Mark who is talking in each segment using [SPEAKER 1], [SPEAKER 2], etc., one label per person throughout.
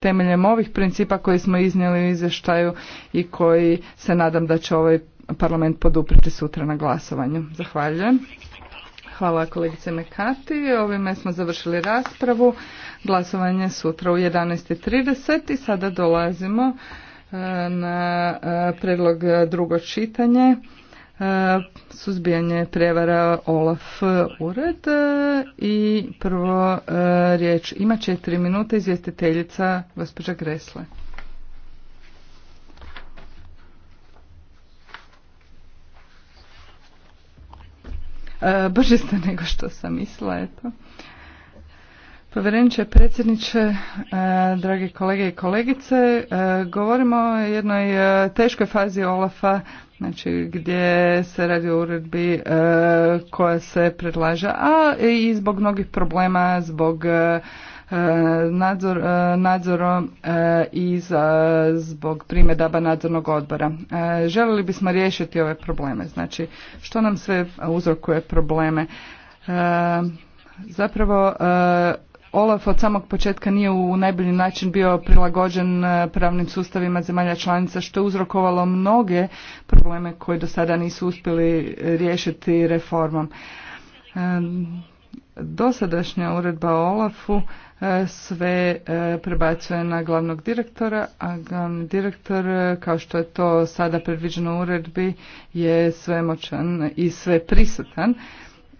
[SPEAKER 1] temeljem ovih principa koje smo iznijeli u izvještaju i koji se nadam da će ovaj parlament poduprijeti sutra na glasovanju. Zahvaljujem. Hvala kolegice Mekati. Ovime smo završili raspravu. Glasovanje sutra u 11.30 i sada dolazimo e, na e, predlog drugo čitanje. E, suzbijanje prevara Olaf e, ured e, i prvo riječ ima četiri minute izvjestiteljica gospođa Gresle. Brže ste nego što sam mislila, eto. Povjereniče predsjedniče, e, dragi kolege i kolegice, e, govorimo o jednoj e, teškoj fazi Olafa, znači gdje se radi o uredbi koja se predlaže, a i zbog mnogih problema, zbog nadzor, nadzorom i zbog primjedaba nadzornog odbora. Želili bismo riješiti ove probleme, znači što nam sve uzrokuje probleme. Zapravo Olaf od samog početka nije u najbolji način bio prilagođen e, pravnim sustavima zemalja članica što je uzrokovalo mnoge probleme koje do sada nisu uspjeli e, riješiti reformom. E, dosadašnja uredba o Olafu sve prebacuje na glavnog direktora, a glavni direktor, kao što je to sada predviđeno u uredbi, je svemoćan i sve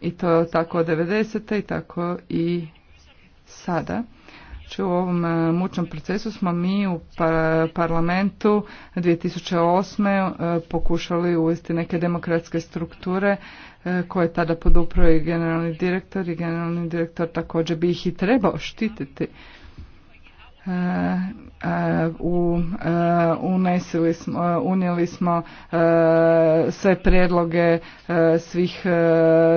[SPEAKER 1] i to tako od 90. i tako i sada. Znači u ovom e, mučnom procesu smo mi u pa, parlamentu 2008. E, pokušali uvesti neke demokratske strukture e, koje tada podupravo i generalni direktor i generalni direktor također bi ih i trebao štititi. U, unesili smo, unijeli smo sve prijedloge svih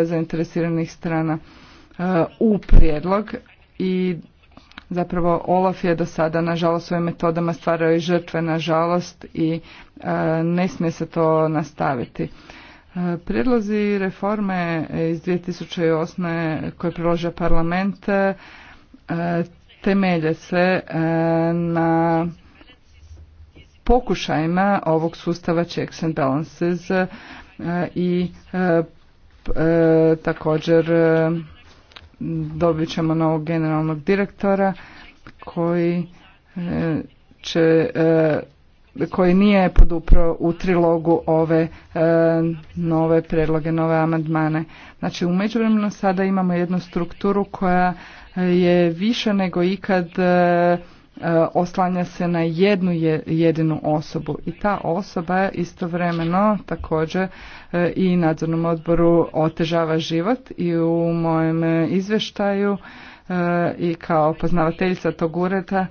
[SPEAKER 1] zainteresiranih strana u prijedlog i zapravo Olaf je do sada nažalost svojim metodama stvarao i žrtve nažalost i e, ne smije se to nastaviti. E, prijedlozi reforme iz 2008. koje priložio parlament e, temelje se na pokušajima ovog sustava checks and balances i također dobit ćemo novog generalnog direktora koji e, će e, koji nije podupro u trilogu ove e, nove predloge, nove amandmane. Znači u međuvremenu sada imamo jednu strukturu koja je više nego ikad E, oslanja se na jednu jedinu osobu i ta osoba istovremeno također e, i nadzornom odboru otežava život i u mojem izvještaju e, i kao poznavateljica tog ureda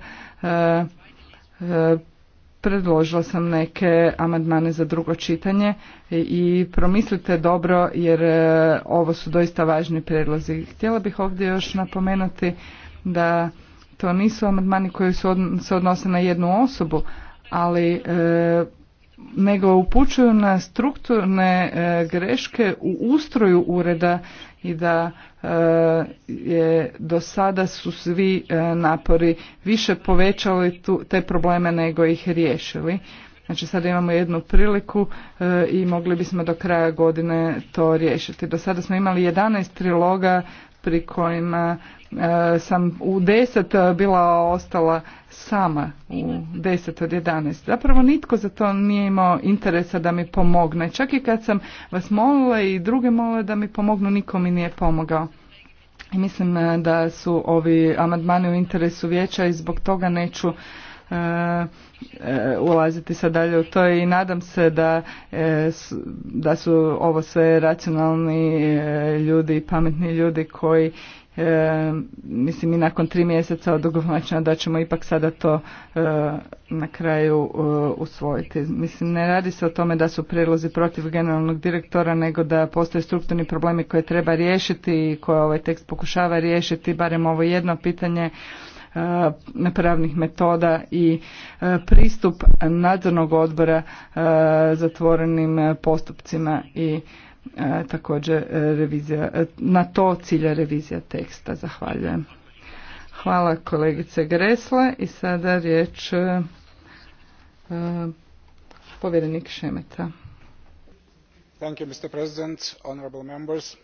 [SPEAKER 1] predložila sam neke amandmane za drugo čitanje i promislite dobro jer ovo su doista važni prijedlozi. Htjela bih ovdje još napomenuti da to nisu amandmani koji su se odnose na jednu osobu, ali e, nego upućuju na strukturne e, greške u ustroju ureda i da e, je do sada su svi napori više povećali tu, te probleme nego ih riješili. Znači sada imamo jednu priliku i mogli bismo do kraja godine to riješiti. Do sada smo imali 11 triloga pri kojima E, sam u deset e, bila ostala sama u deset od jedanaest. Zapravo nitko za to nije imao interesa da mi pomogne. Čak i kad sam vas molila i druge molila da mi pomognu, niko mi nije pomogao. I mislim e, da su ovi amandmani u interesu vijeća i zbog toga neću ulaziti sad dalje u to i nadam se da, da su ovo sve racionalni ljudi, pametni ljudi koji E, mislim i nakon tri mjeseca odugovlačena da ćemo ipak sada to e, na kraju e, usvojiti. Mislim ne radi se o tome da su prijedlozi protiv generalnog direktora nego da postoje strukturni problemi koje treba riješiti i koje ovaj tekst pokušava riješiti barem ovo jedno pitanje pravnih metoda i pristup nadzornog odbora zatvorenim postupcima i E, također e, revizija, e, na to cilja revizija teksta. Zahvaljujem. Hvala kolegice Gresle i sada riječ e, povjerenik Šemeta.
[SPEAKER 2] Thank you, Mr. President, honorable members.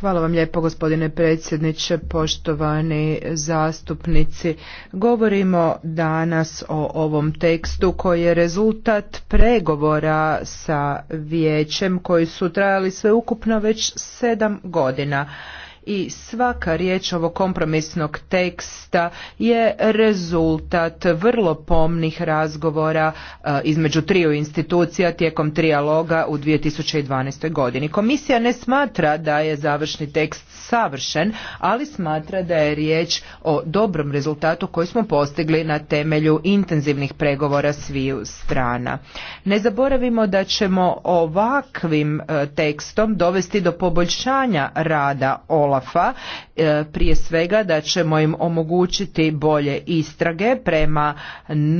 [SPEAKER 3] Hvala vam lijepo gospodine predsjedniče, poštovani zastupnici. Govorimo danas o ovom tekstu koji je rezultat pregovora sa vijećem koji su trajali sveukupno već sedam godina i svaka riječ ovog kompromisnog teksta je rezultat vrlo pomnih razgovora eh, između triju institucija tijekom trijaloga u 2012. godini. Komisija ne smatra da je završni tekst savršen, ali smatra da je riječ o dobrom rezultatu koji smo postigli na temelju intenzivnih pregovora sviju strana. Ne zaboravimo da ćemo ovakvim eh, tekstom dovesti do poboljšanja rada OLA. MUP-a, e, prije svega da ćemo im omogućiti bolje istrage prema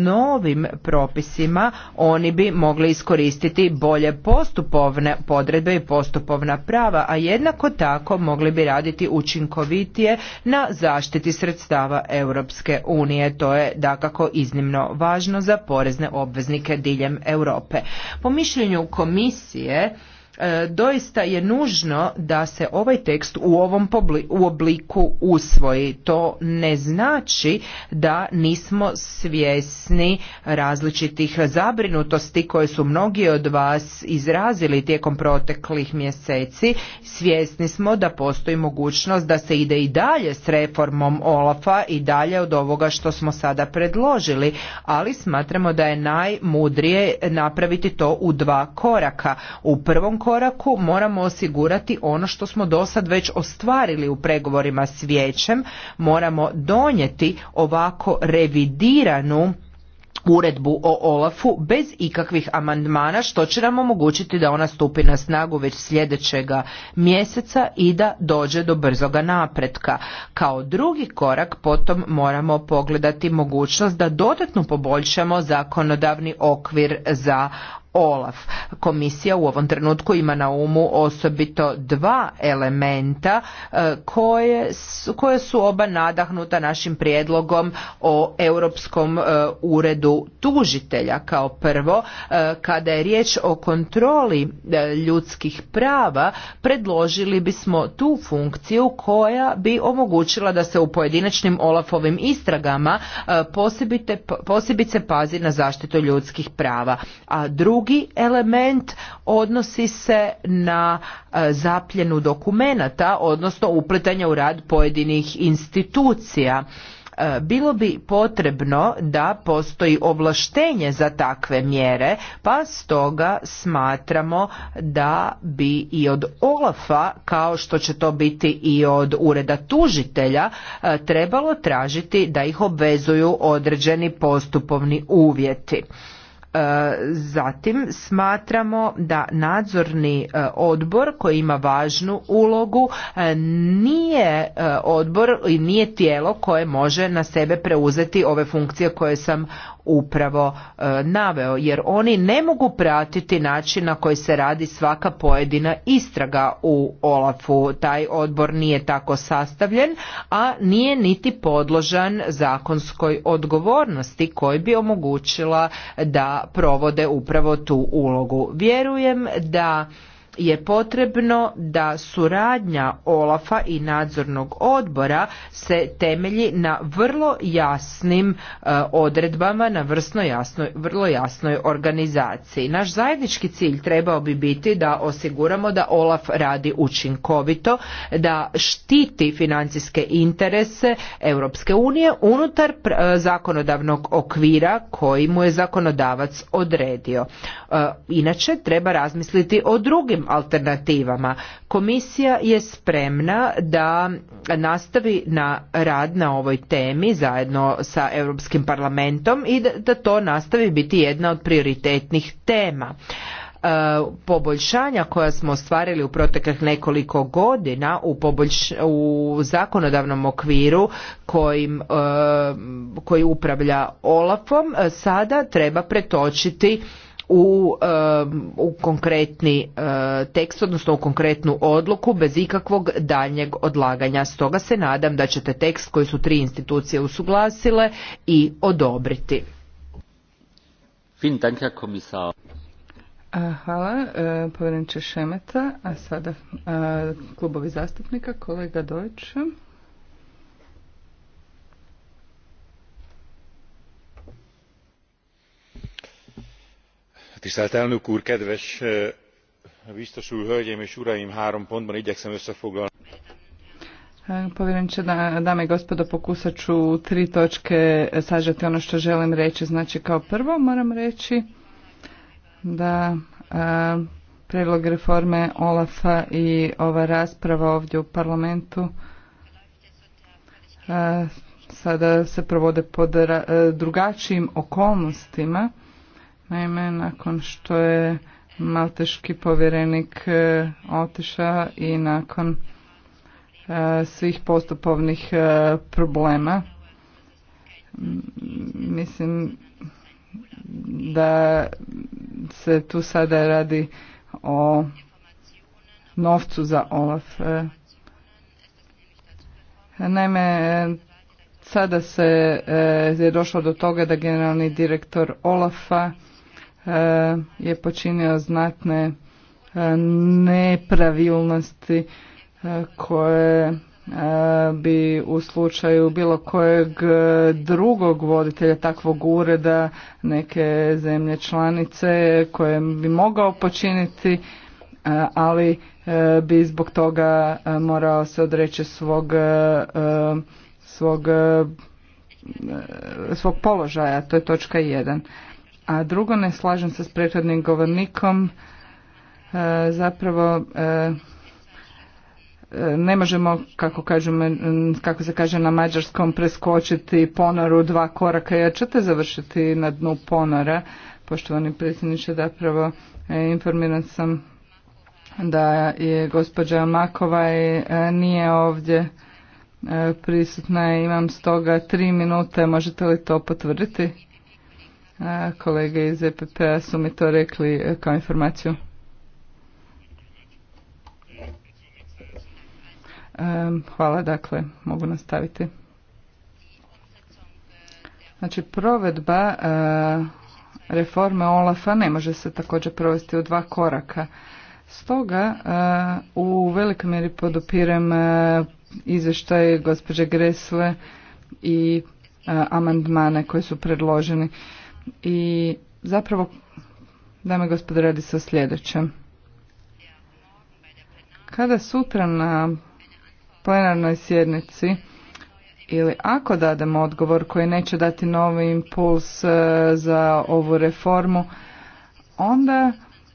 [SPEAKER 3] novim propisima, oni bi mogli iskoristiti bolje postupovne podredbe i postupovna prava, a jednako tako mogli bi raditi učinkovitije na zaštiti sredstava Europske unije. To je dakako iznimno važno za porezne obveznike diljem Europe. Po mišljenju komisije, E, doista je nužno da se ovaj tekst u ovom u obliku usvoji. To ne znači da nismo svjesni različitih zabrinutosti koje su mnogi od vas izrazili tijekom proteklih mjeseci. Svjesni smo da postoji mogućnost da se ide i dalje s reformom Olafa i dalje od ovoga što smo sada predložili, ali smatramo da je najmudrije napraviti to u dva koraka. U prvom koraku moramo osigurati ono što smo do sad već ostvarili u pregovorima s vijećem, moramo donijeti ovako revidiranu uredbu o Olafu bez ikakvih amandmana što će nam omogućiti da ona stupi na snagu već sljedećega mjeseca i da dođe do brzoga napretka. Kao drugi korak potom moramo pogledati mogućnost da dodatno poboljšamo zakonodavni okvir za Olaf. Komisija u ovom trenutku ima na umu osobito dva elementa e, koje su, koje su oba nadahnuta našim prijedlogom o Europskom e, uredu tužitelja. Kao prvo, e, kada je riječ o kontroli ljudskih prava, predložili bismo tu funkciju koja bi omogućila da se u pojedinačnim Olafovim istragama posebice pazi na zaštitu ljudskih prava. A drugo, Drugi element odnosi se na e, zapljenu dokumenata, odnosno upletanja u rad pojedinih institucija e, bilo bi potrebno da postoji ovlaštenje za takve mjere, pa stoga smatramo da bi i od Olafa, kao što će to biti i od ureda tužitelja, e, trebalo tražiti da ih obvezuju određeni postupovni uvjeti. Zatim smatramo da nadzorni e, odbor koji ima važnu ulogu e, nije e, odbor i nije tijelo koje može na sebe preuzeti ove funkcije koje sam upravo e, naveo jer oni ne mogu pratiti način na koji se radi svaka pojedina istraga u Olafu. Taj odbor nije tako sastavljen, a nije niti podložan zakonskoj odgovornosti koji bi omogućila da provode upravo tu ulogu. Vjerujem da je potrebno da suradnja Olafa i nadzornog odbora se temelji na vrlo jasnim e, odredbama, na vrlo jasnoj, vrlo jasnoj organizaciji. Naš zajednički cilj trebao bi biti da osiguramo da Olaf radi učinkovito, da štiti financijske interese Europske unije unutar e, zakonodavnog okvira koji mu je zakonodavac odredio. E, inače treba razmisliti o drugim alternativama. Komisija je spremna da nastavi na rad na ovoj temi zajedno sa Europskim parlamentom i da to nastavi biti jedna od prioritetnih tema e, poboljšanja koja smo ostvarili u proteklih nekoliko godina u, poboljš, u zakonodavnom okviru kojim, e, koji upravlja Olafom e, sada treba pretočiti u, u konkretni eh, tekst, odnosno u konkretnu odluku bez ikakvog daljnjeg odlaganja. Stoga se nadam da ćete tekst koji su tri institucije usuglasile i odobriti.
[SPEAKER 1] Hvala, eh, povjerenče Šemeta, a sada eh, klubovi zastupnika, kolega Dojče.
[SPEAKER 2] tisztelt elnök úr kedves biztos úr hölgyeim és uraim! három pontban igyekszem összefoglalni.
[SPEAKER 1] Povjereniče, dame i gospodo, pokusat ću u tri točke sažeti ono što želim reći. Znači, kao prvo moram reći da a, e, prijedlog reforme Olafa i ova rasprava ovdje u parlamentu e, sada se provode pod e, drugačijim okolnostima Naime, nakon što je malteški povjerenik e, otišao i nakon e, svih postupovnih e, problema, mislim da se tu sada radi o novcu za OLAF. Naime, sada se je došlo do toga da generalni direktor Olafa E, je počinio znatne e, nepravilnosti e, koje bi u slučaju bilo kojeg drugog voditelja takvog ureda neke zemlje članice koje bi mogao počiniti ali bi zbog toga morao se odreći svog svog svog položaja to je točka 1 a drugo, ne slažem se s prethodnim govornikom, e, zapravo e, e, ne možemo, kako, kažemo, kako se kaže na mađarskom, preskočiti ponoru dva koraka, jer ćete završiti na dnu ponora, poštovani predsjedniče, zapravo e, informiran sam da je gospođa Makovaj nije ovdje prisutna, imam stoga tri minute, možete li to potvrditi? Kolege iz EPP-a su mi to rekli e, kao informaciju. Hvala, dakle, mogu nastaviti. Znači, provedba e, reforme Olafa ne može se također provesti u dva koraka. Stoga e, u velikoj mjeri podupirem izvještaj gospođe Gresle i amandmane koji su predloženi i zapravo, dame i gospodo, radi se o sljedećem. Kada sutra na plenarnoj sjednici ili ako dademo odgovor koji neće dati novi impuls e, za ovu reformu, onda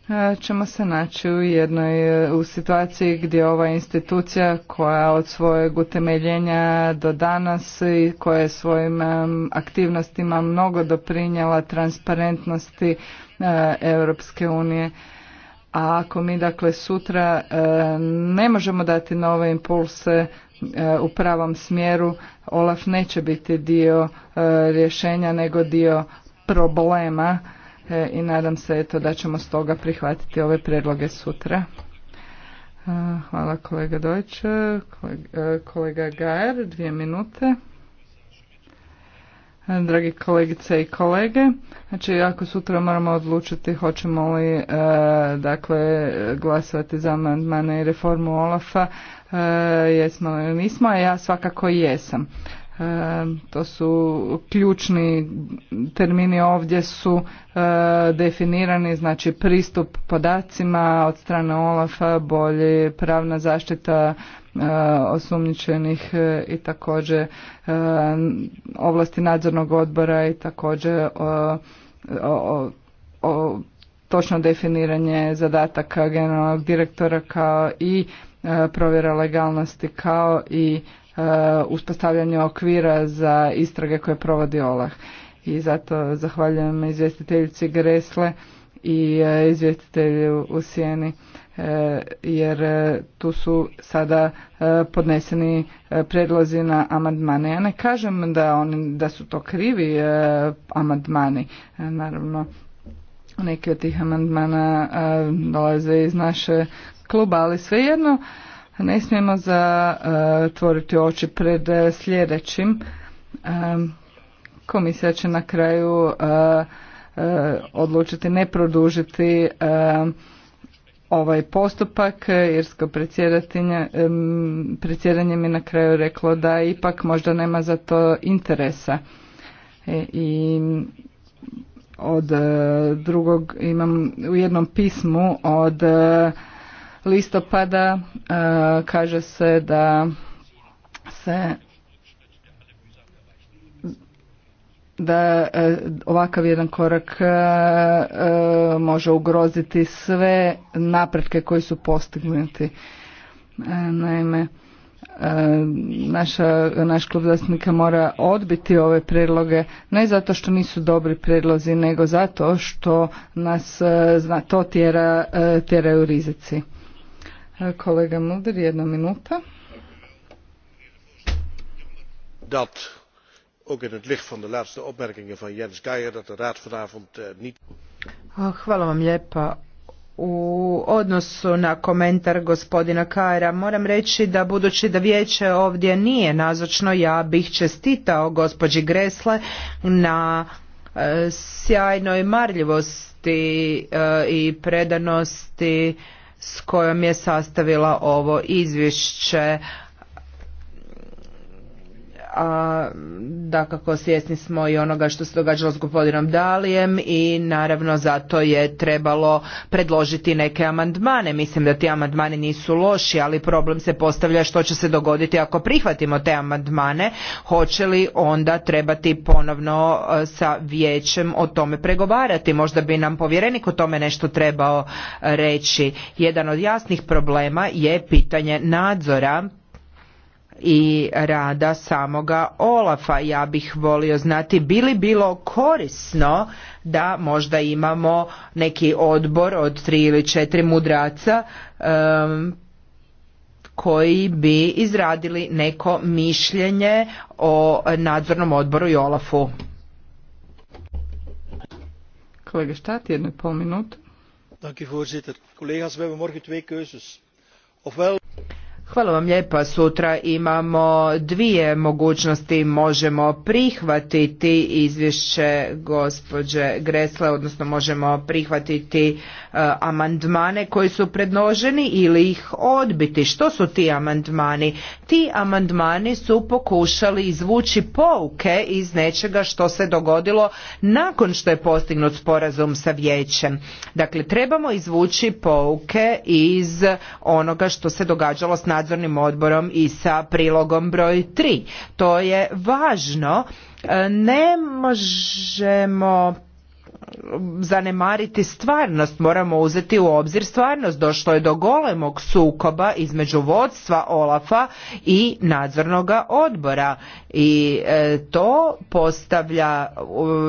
[SPEAKER 1] E, ćemo se naći u jednoj e, u situaciji gdje ova institucija koja od svojeg utemeljenja do danas i koja je svojim e, aktivnostima mnogo doprinjela transparentnosti Europske unije a ako mi dakle sutra ne možemo dati nove impulse u pravom smjeru Olaf neće biti dio rješenja nego dio problema E, i nadam se eto da ćemo stoga prihvatiti ove predloge sutra. E, hvala kolega Dojč. E, kolega Gajer, dvije minute. Dragi kolegice i kolege, znači ako sutra moramo odlučiti hoćemo li dakle glasovati za amandmane i reformu Olafa, jesmo li nismo, a ja svakako jesam to su ključni termini ovdje su e, definirani, znači pristup podacima od strane olaf bolje pravna zaštita e, osumnjičenih e, i također ovlasti nadzornog odbora i također o, o, točno definiranje zadataka generalnog direktora kao i provjera legalnosti kao i Uh, uspostavljanje okvira za istrage koje provodi OLAH. I zato zahvaljujem izvjestiteljici Gresle i uh, izvjestitelju u Sijeni uh, jer tu su sada podneseni predlozi na amandmane. Ja ne kažem da, oni, da su to krivi amandmani. Naravno, neki od tih amandmana dolaze iz naše kluba, ali svejedno ne smijemo zatvoriti e, oči pred e, sljedećim. E, komisija će na kraju odlučiti ne produžiti ovaj postupak. Irsko predsjedanje mi na kraju reklo da ipak možda nema za to interesa. I od drugog imam u jednom pismu od listopada e, kaže se da se da e, ovakav jedan korak e, može ugroziti sve napretke koji su postignuti. Naime, naša, naš klub zastupnika mora odbiti ove predloge ne zato što nisu dobri predlozi nego zato što nas to tjera, tjeraju rizici. E, kolega Mulder, jedna minuta.
[SPEAKER 2] Dat, ook in het licht van de laatste opmerkingen van Jens Geijer, dat de Raad vanavond eh, niet...
[SPEAKER 3] Ah, hvala vam lijepa. U odnosu na komentar gospodina Kajra moram reći da budući da vijeće ovdje nije nazočno, ja bih čestitao gospođi Gresle na e, sjajnoj marljivosti e, i predanosti s kojom je sastavila ovo izvješće a kako svjesni smo i onoga što se događalo s gospodinom Dalijem i naravno zato je trebalo predložiti neke amandmane. Mislim da ti amandmani nisu loši, ali problem se postavlja što će se dogoditi ako prihvatimo te amandmane, hoće li onda trebati ponovno e, sa vijećem o tome pregovarati. Možda bi nam povjerenik o tome nešto trebao reći. Jedan od jasnih problema je pitanje nadzora i rada samoga Olafa. Ja bih volio znati bi li bilo korisno da možda imamo neki odbor od tri ili četiri mudraca koji bi izradili neko mišljenje o nadzornom odboru i Olafu. Kolega Štat, jedno pol minuta.
[SPEAKER 2] voorzitter. we hebben morgen twee keuzes.
[SPEAKER 3] Hvala vam lijepa. Sutra imamo dvije mogućnosti. Možemo prihvatiti izvješće gospođe Gresle, odnosno možemo prihvatiti e, amandmane koji su predloženi ili ih odbiti. Što su ti amandmani? Ti amandmani su pokušali izvući pouke iz nečega što se dogodilo nakon što je postignut sporazum sa vijećem. Dakle, trebamo izvući pouke iz onoga što se događalo s nadzornim odborom i sa prilogom broj 3. To je važno. E, ne možemo zanemariti stvarnost, moramo uzeti u obzir stvarnost. Došlo je do golemog sukoba između vodstva Olafa i nadzornog odbora i e, to postavlja,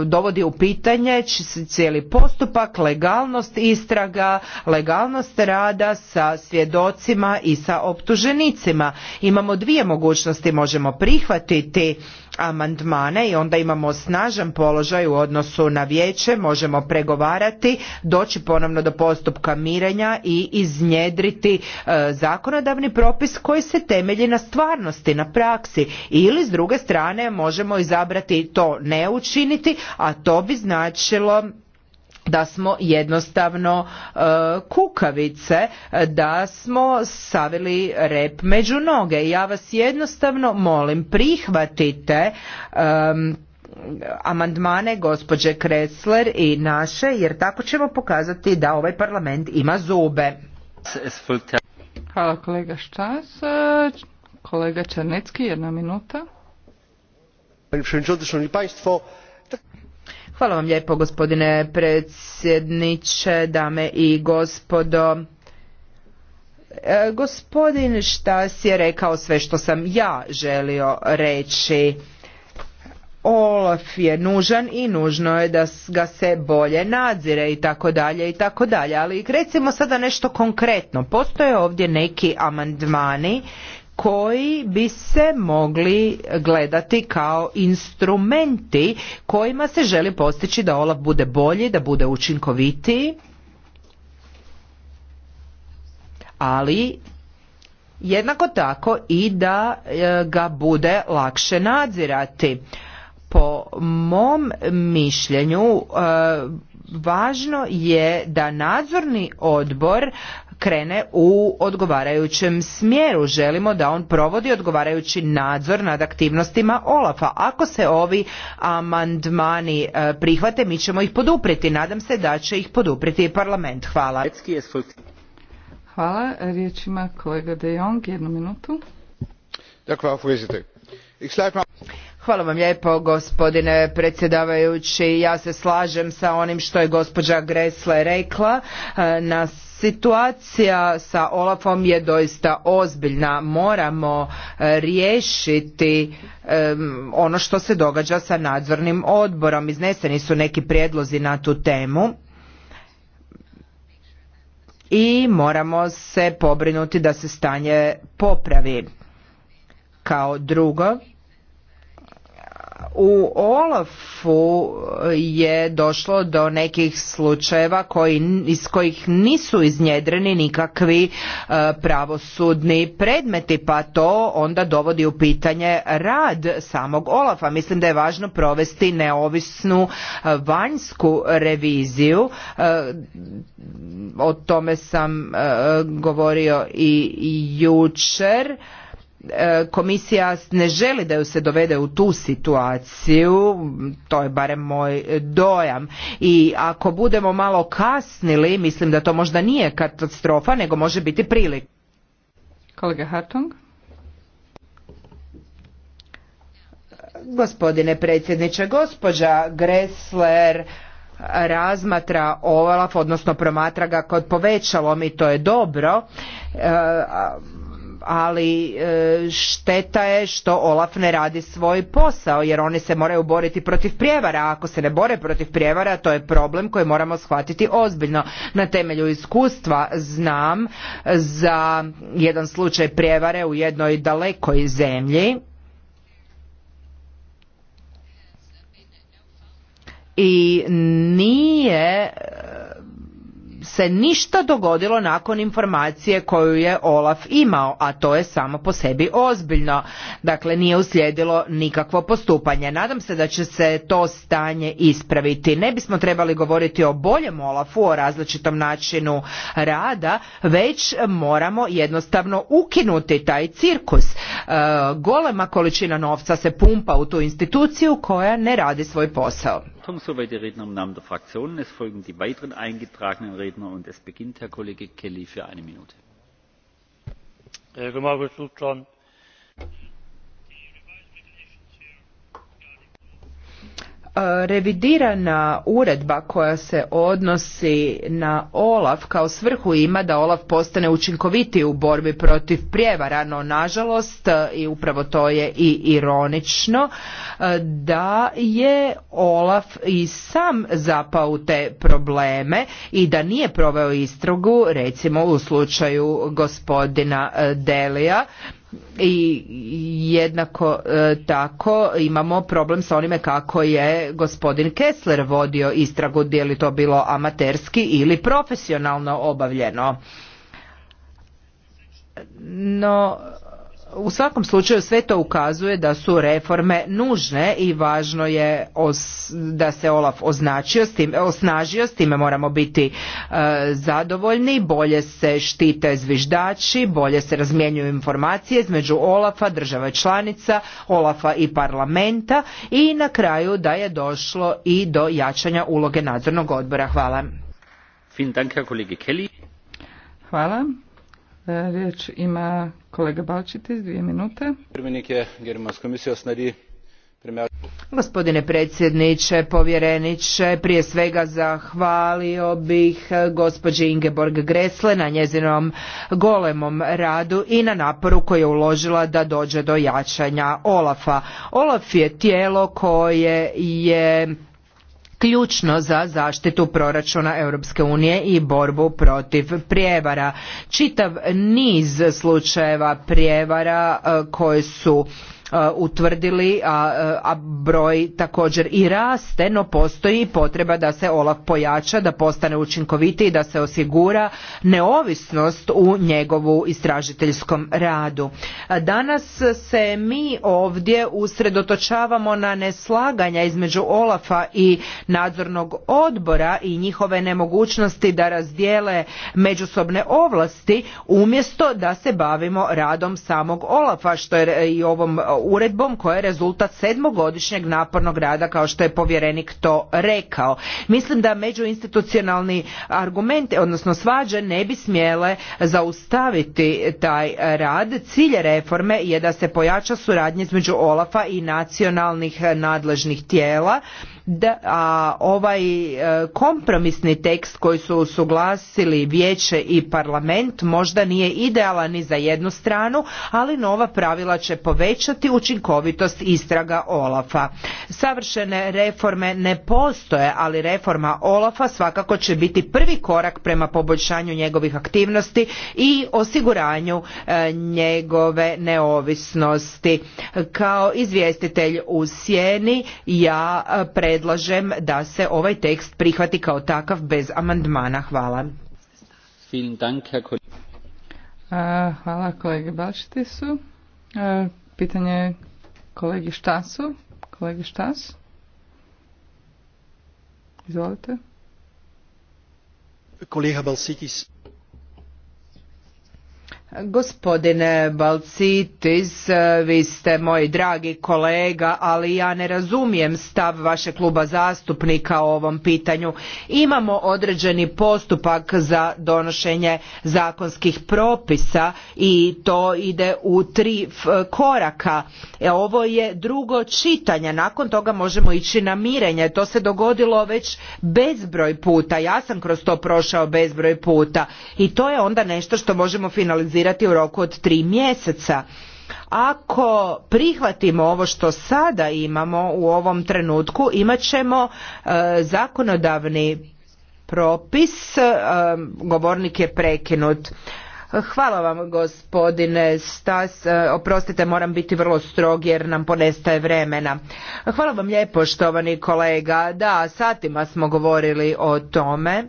[SPEAKER 3] dovodi u pitanje cijeli postupak, legalnost istraga, legalnost rada sa svjedocima i sa optuženicima. Imamo dvije mogućnosti, možemo prihvatiti amandmane i onda imamo snažan položaj u odnosu na vijeće, možemo pregovarati, doći ponovno do postupka mirenja i iznjedriti e, zakonodavni propis koji se temelji na stvarnosti, na praksi ili s druge strane možemo izabrati to ne učiniti, a to bi značilo da smo jednostavno e, kukavice, e, da smo savili rep među noge. Ja vas jednostavno molim prihvatite amandmane gospođe Kresler i naše, jer tako ćemo pokazati da ovaj parlament ima zube. Hvala kolega Štas. Kolega Černecki, jedna minuta. Hvala vam lijepo gospodine predsjedniče, dame i gospodo. E, gospodin Štas je rekao sve što sam ja želio reći. Olaf je nužan i nužno je da ga se bolje nadzire i tako dalje i tako dalje. Ali recimo sada nešto konkretno. Postoje ovdje neki amandmani koji bi se mogli gledati kao instrumenti kojima se želi postići da Olaf bude bolji, da bude učinkovitiji, ali jednako tako i da e, ga bude lakše nadzirati. Po mom mišljenju e, važno je da nadzorni odbor krene u odgovarajućem smjeru. Želimo da on provodi odgovarajući nadzor nad aktivnostima Olafa. Ako se ovi amandmani e, prihvate, mi ćemo ih poduprijeti. Nadam se da će ih poduprijeti i parlament. Hvala.
[SPEAKER 1] Hvala. Riječ ima kolega De Jong. Jednu minutu.
[SPEAKER 3] Hvala vam lijepo gospodine predsjedavajući. Ja se slažem sa onim što je gospođa Gresle rekla. E, Nas Situacija sa Olafom je doista ozbiljna. Moramo e, riješiti ono što se događa sa nadzornim odborom. Izneseni su neki prijedlozi na tu temu i moramo se pobrinuti da se stanje popravi. Kao drugo, u Olafu je došlo do nekih slučajeva koji, iz kojih nisu iznjedreni nikakvi e, pravosudni predmeti, pa to onda dovodi u pitanje rad samog Olafa. Mislim da je važno provesti neovisnu e, vanjsku reviziju. E, o tome sam govorio i jučer E, komisija ne želi da ju se dovede u tu situaciju, to je barem moj dojam. I ako budemo malo kasnili, mislim da to možda nije katastrofa, nego može biti prilik. Kolega Hartung? Gospodine predsjedniče, gospođa Gressler razmatra OLAF, odnosno promatra ga kod povećalom i to je dobro. E, ali e, šteta je što Olaf ne radi svoj posao jer oni se moraju boriti protiv prijevara. ako se ne bore protiv prijevara to je problem koji moramo shvatiti ozbiljno. Na temelju iskustva znam za jedan slučaj prijevare u jednoj dalekoj zemlji i nije se ništa dogodilo nakon informacije koju je Olaf imao, a to je samo po sebi ozbiljno. Dakle, nije uslijedilo nikakvo postupanje. Nadam se da će se to stanje ispraviti. Ne bismo trebali govoriti o boljem Olafu, o različitom načinu rada, već moramo jednostavno ukinuti taj cirkus. E, golema količina novca se pumpa u tu instituciju koja ne radi svoj posao
[SPEAKER 2] und es beginnt Herr Kollege Kelly für eine Minute. Äh,
[SPEAKER 3] E, revidirana uredba koja se odnosi na OLAF kao svrhu ima da OLAF postane učinkovitiji u borbi protiv prijevara, no nažalost e, i upravo to je i ironično e, da je OLAF i sam zapao u te probleme i da nije proveo istrogu recimo u slučaju gospodina Delija i jednako e, tako imamo problem sa onime kako je gospodin Kessler vodio istragu, je li to bilo amaterski ili profesionalno obavljeno. No, u svakom slučaju sve to ukazuje da su reforme nužne i važno je da se Olaf označio, s tim, osnažio, s time moramo biti e, zadovoljni, bolje se štite zviždači, bolje se razmjenjuju informacije između Olafa, država članica, Olafa i parlamenta i na kraju da je došlo i do jačanja uloge nadzornog odbora. Hvala. Hvala. E, riječ ima kolega Balčitis, dvije
[SPEAKER 1] minute.
[SPEAKER 2] Prvenik je
[SPEAKER 3] Gospodine predsjedniče, povjereniče, prije svega zahvalio bih gospođi Ingeborg Gresle na njezinom golemom radu i na naporu koju je uložila da dođe do jačanja Olafa. Olaf je tijelo koje je ključno za zaštitu proračuna Europske unije i borbu protiv prijevara. Čitav niz slučajeva prijevara e, koje su Uh, utvrdili, uh, a, broj također i raste, no postoji potreba da se Olaf pojača, da postane učinkovitiji, da se osigura neovisnost u njegovu istražiteljskom radu. Danas se mi ovdje usredotočavamo na neslaganja između Olafa i nadzornog odbora i njihove nemogućnosti da razdijele međusobne ovlasti umjesto da se bavimo radom samog Olafa što je i ovom uredbom koja je rezultat sedmogodišnjeg napornog rada kao što je povjerenik to rekao. Mislim da međuinstitucionalni argumenti, odnosno svađe ne bi smjele zaustaviti taj rad. Cilj reforme je da se pojača suradnja između Olafa i nacionalnih nadležnih tijela da, a ovaj e, kompromisni tekst koji su usuglasili vijeće i parlament možda nije idealan ni za jednu stranu, ali nova pravila će povećati učinkovitost istraga Olafa. Savršene reforme ne postoje, ali reforma Olafa svakako će biti prvi korak prema poboljšanju njegovih aktivnosti i osiguranju e, njegove neovisnosti. Kao izvjestitelj u sjeni ja pred predlažem da se ovaj tekst prihvati kao takav bez amandmana. Hvala.
[SPEAKER 1] Hvala kolege Balčitisu. Pitanje kolegi Štasu. Kolegi Štas.
[SPEAKER 3] Izvolite.
[SPEAKER 2] Kolega Balsitis.
[SPEAKER 3] Gospodine Balcitis, vi ste moj dragi kolega, ali ja ne razumijem stav vaše kluba zastupnika o ovom pitanju. Imamo određeni postupak za donošenje zakonskih propisa i to ide u tri koraka. E, ovo je drugo čitanje, nakon toga možemo ići na mirenje. To se dogodilo već bezbroj puta, ja sam kroz to prošao bezbroj puta i to je onda nešto što možemo finalizirati realizirati u roku od tri mjeseca ako prihvatimo ovo što sada imamo u ovom trenutku imat ćemo e, zakonodavni propis e, govornik je prekinut Hvala vam gospodine Stas, e, oprostite moram biti vrlo strog jer nam ponestaje vremena. Hvala vam lijepo štovani kolega, da satima smo govorili o tome.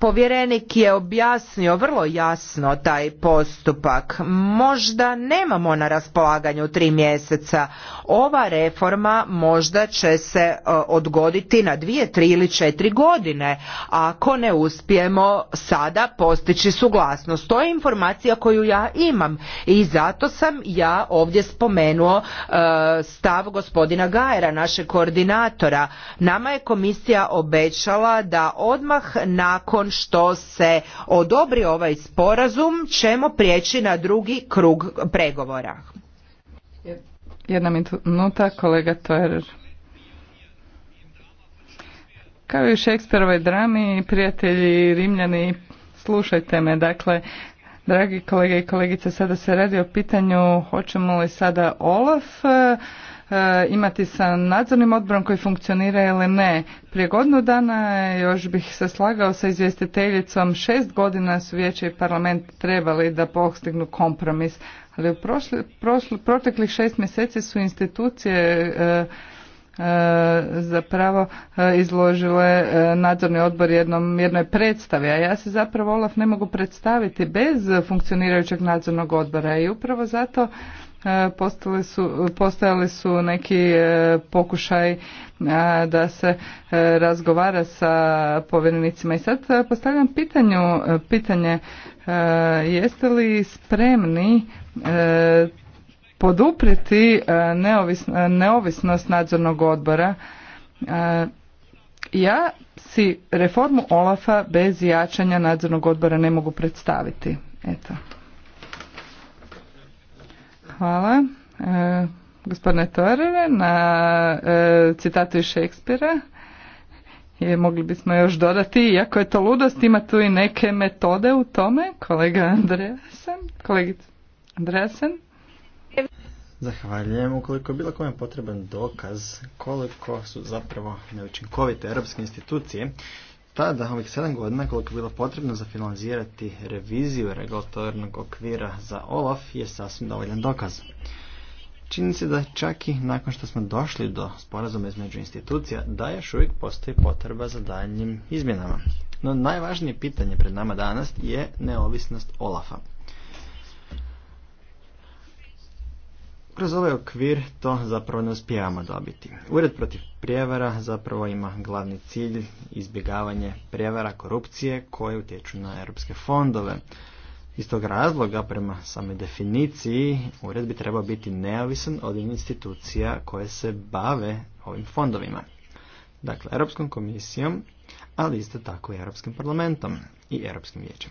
[SPEAKER 3] Povjerenik je objasnio vrlo jasno taj postupak. Možda nemamo na raspolaganju tri mjeseca. Ova reforma možda će se e, odgoditi na dvije, tri ili četiri godine ako ne uspijemo sada postići suglasnost. To je informacija koju ja imam i zato sam ja ovdje spomenuo e, stav gospodina Gajera, našeg koordinatora. Nama je komisija obećala da odmah nakon što se odobri ovaj sporazum ćemo prijeći na drugi krug pregovora.
[SPEAKER 1] Jedna minuta, kolega Tojer. Kao i u Šekspirovoj drami, prijatelji Rimljani, slušajte me. Dakle, dragi kolege i kolegice, sada se radi o pitanju hoćemo li sada Olaf E, imati sa nadzornim odborom koji funkcionira ili ne. Prije godinu dana još bih se slagao sa izvjestiteljicom, šest godina su vijeće i parlament trebali da postignu kompromis, ali u prošli, prošli, proteklih šest mjeseci su institucije e, E, zapravo e, izložile e, nadzorni odbor jednom, jednoj predstavi, a ja se zapravo Olaf ne mogu predstaviti bez funkcionirajućeg nadzornog odbora i upravo zato E, postali su, postojali su neki e, pokušaj e, da se razgovara sa povjerenicima. I sad postavljam pitanju, pitanje jeste li spremni poduprijeti neovisnost nadzornog odbora ja si reformu Olafa bez jačanja nadzornog odbora ne mogu predstaviti. Eto. Hvala. E, gospodine Torere, na e, citatu iz Šekspira je mogli bismo još dodati, iako je to ludost, ima tu i neke metode u tome, kolega Andreasen, kolegica Andreasen.
[SPEAKER 2] Zahvaljujem. Ukoliko je bilo kome potreban dokaz koliko su zapravo neučinkovite europske institucije, tada ovih 7 godina koliko je bilo potrebno za finalizirati reviziju regulatornog okvira za OLAF je sasvim dovoljan dokaz. Čini se da čak i nakon što smo došli do sporazuma između institucija, da još uvijek postoji potreba za daljnjim izmjenama. No najvažnije pitanje pred nama danas je neovisnost Olafa. kroz ovaj okvir to zapravo ne uspijevamo dobiti. Ured protiv prijevara zapravo ima glavni cilj izbjegavanje prijevara korupcije koje utječu na europske fondove. Iz tog razloga, prema samoj definiciji, ured bi trebao biti neovisan od institucija koje se bave ovim fondovima. Dakle, Europskom komisijom, ali isto tako i Europskim parlamentom i Europskim vijećem.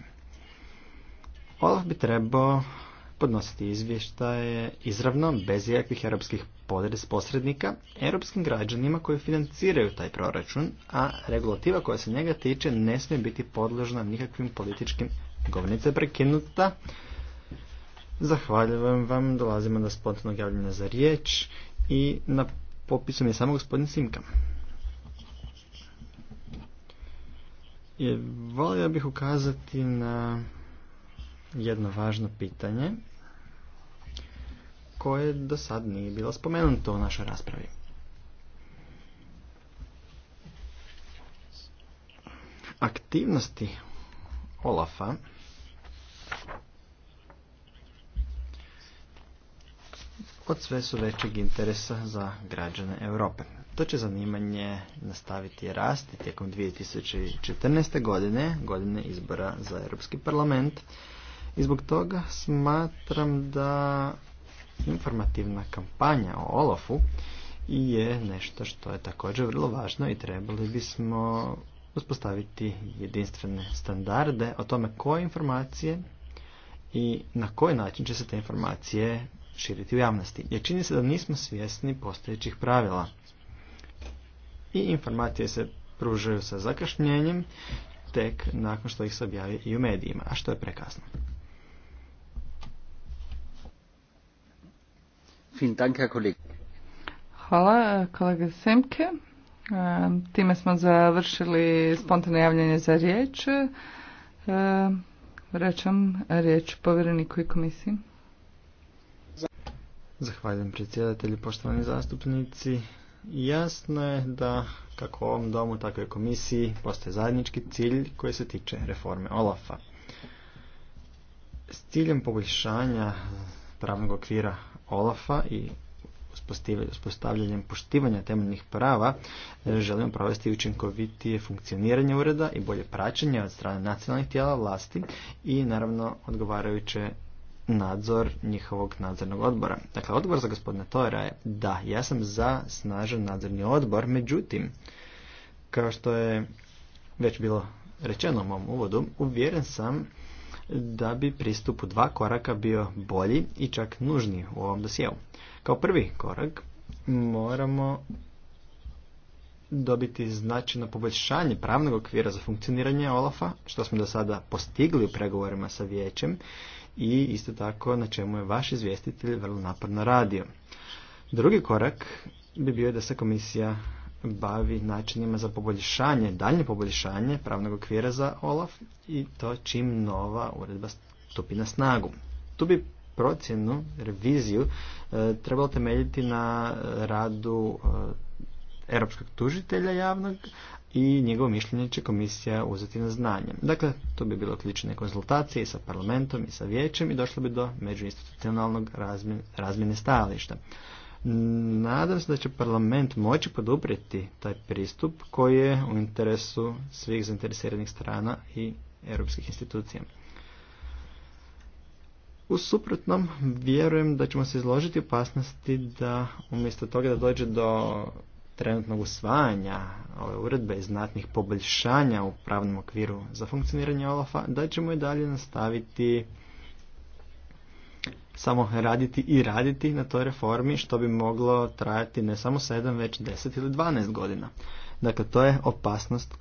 [SPEAKER 2] Olaf bi trebao podnositi izvještaje izravno, bez ikakvih europskih posrednika, europskim građanima koji financiraju taj proračun, a regulativa koja se njega tiče ne smije biti podložna nikakvim političkim govnice prekinuta. Zahvaljujem vam, dolazimo do spontanog javljanja za riječ i na popisu mi je samo gospodin Simka. Volio bih ukazati na jedno važno pitanje koje do sad nije bilo spomenuto u našoj raspravi. Aktivnosti Olafa od sve su većeg interesa za građane Europe. To će zanimanje nastaviti rasti tijekom 2014. godine, godine izbora za Europski parlament. I zbog toga smatram da informativna kampanja o Olafu je nešto što je također vrlo važno i trebali bismo uspostaviti jedinstvene standarde o tome koje informacije i na koji način će se te informacije širiti u javnosti. Jer čini se da nismo svjesni postojećih pravila. I informacije se pružaju sa zakašnjenjem tek nakon što ih se objavi i u medijima, a što je prekasno.
[SPEAKER 1] Hvala kolega Semke. E, time smo završili spontane javljanje za riječ. E, vraćam riječ povjereniku i komisiji.
[SPEAKER 2] Zahvaljujem predsjedatelji, poštovani zastupnici. Jasno je da kako u ovom domu, tako i komisiji postoje zajednički cilj koji se tiče reforme OLAF-a. S ciljem poboljšanja pravnog okvira Olafa i uspostavljanjem poštivanja temeljnih prava e, želimo provesti učinkovitije funkcioniranje ureda i bolje praćenje od strane nacionalnih tijela vlasti i naravno odgovarajuće nadzor njihovog nadzornog odbora. Dakle, odbor za gospodina Tojera je da, ja sam za snažan nadzorni odbor, međutim, kao što je već bilo rečeno u mom uvodu, uvjeren sam da bi pristup u dva koraka bio bolji i čak nužni u ovom dosjeu. Kao prvi korak moramo dobiti značajno poboljšanje pravnog okvira za funkcioniranje Olafa, što smo do sada postigli u pregovorima sa vijećem i isto tako na čemu je vaš izvjestitelj vrlo naporno radio. Drugi korak bi bio da se komisija bavi načinima za poboljšanje, daljnje poboljšanje pravnog okvira za OLAF i to čim nova uredba stupi na snagu. Tu bi procjenu, reviziju e, trebalo temeljiti na radu e, europskog tužitelja javnog i njegovo mišljenje će komisija uzeti na znanje. Dakle, to bi bilo ključne konzultacije sa parlamentom i sa vijećem i došlo bi do međuinstitucionalnog razmjene stajališta. Nadam se da će parlament moći poduprijeti taj pristup koji je u interesu svih zainteresiranih strana i europskih institucija. U suprotnom, vjerujem da ćemo se izložiti opasnosti da umjesto toga da dođe do trenutnog usvajanja ove uredbe i znatnih poboljšanja u pravnom okviru za funkcioniranje olaf da ćemo i dalje nastaviti samo raditi i raditi na toj reformi što bi moglo trajati ne samo 7 već 10 ili 12 godina. Dakle, to je opasnost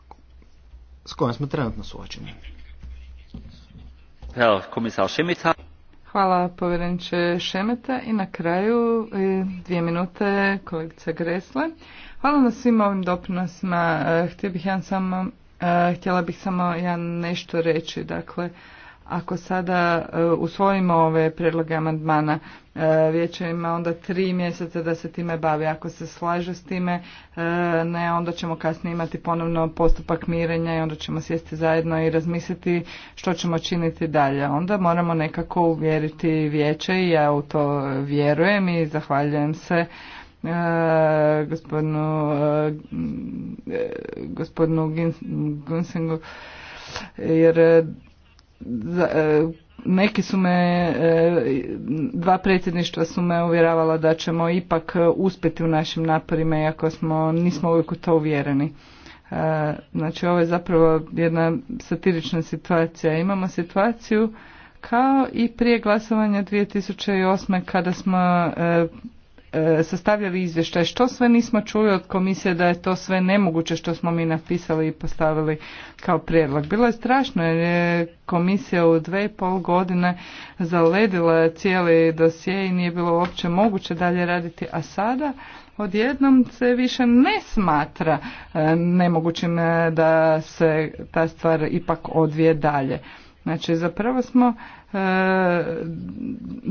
[SPEAKER 2] s kojom smo trenutno suočeni.
[SPEAKER 1] Hvala povjerenče Šemeta i na kraju e, dvije minute kolegica Gresle. Hvala na svim ovim doprinosima. E, htio bih samo, e, htjela bih samo ja nešto reći. Dakle, ako sada e, usvojimo ove predloge amandmana, e, vijeće ima onda tri mjeseca da se time bavi. Ako se slaže s time, e, ne, onda ćemo kasnije imati ponovno postupak mirenja i onda ćemo sjesti zajedno i razmisliti što ćemo činiti dalje. Onda moramo nekako uvjeriti vijeće i ja u to vjerujem i zahvaljujem se gospodinu, gospodinu Gunsingu jer E, neki su me, e, dva predsjedništva su me uvjeravala da ćemo ipak uspjeti u našim naporima, iako smo, nismo uvijek u to uvjereni. E, znači ovo je zapravo jedna satirična situacija. Imamo situaciju kao i prije glasovanja 2008. kada smo E, sastavljali izvještaj, što sve nismo čuli od komisije da je to sve nemoguće što smo mi napisali i postavili kao prijedlog. Bilo je strašno jer je komisija u dve i pol godine zaledila cijeli dosje i nije bilo uopće moguće dalje raditi, a sada odjednom se više ne smatra e, nemogućim e, da se ta stvar ipak odvije dalje. Znači, zapravo smo e,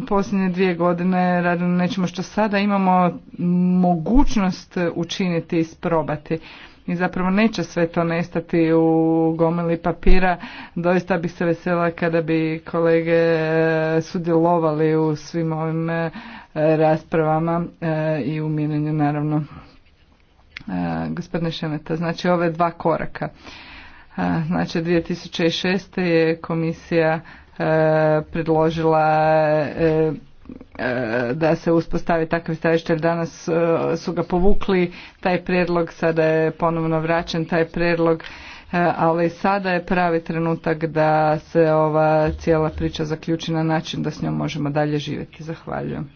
[SPEAKER 1] posljednje dvije godine radili nečemu što sada imamo mogućnost učiniti i isprobati. I zapravo neće sve to nestati u gomili papira. Doista bih se vesela kada bi kolege e, sudjelovali u svim ovim e, raspravama e, i u naravno gospodine Šemeta. Znači ove dva koraka. Znači 2006. je komisija e, predložila e, e, da se uspostavi takav jer danas su ga povukli taj prijedlog sada je ponovno vraćen taj prijedlog ali sada je pravi trenutak da se ova cijela priča zaključi na način da s njom možemo dalje živjeti. Zahvaljujem.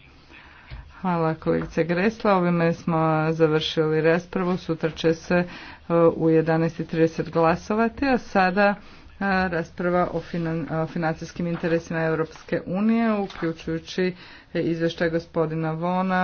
[SPEAKER 1] Hvala kolegice Gresla. Ovime smo završili raspravu. Sutra će se u 11.30 glasovati, a sada rasprava o financijskim interesima Europske unije, uključujući izvještaj gospodina Vona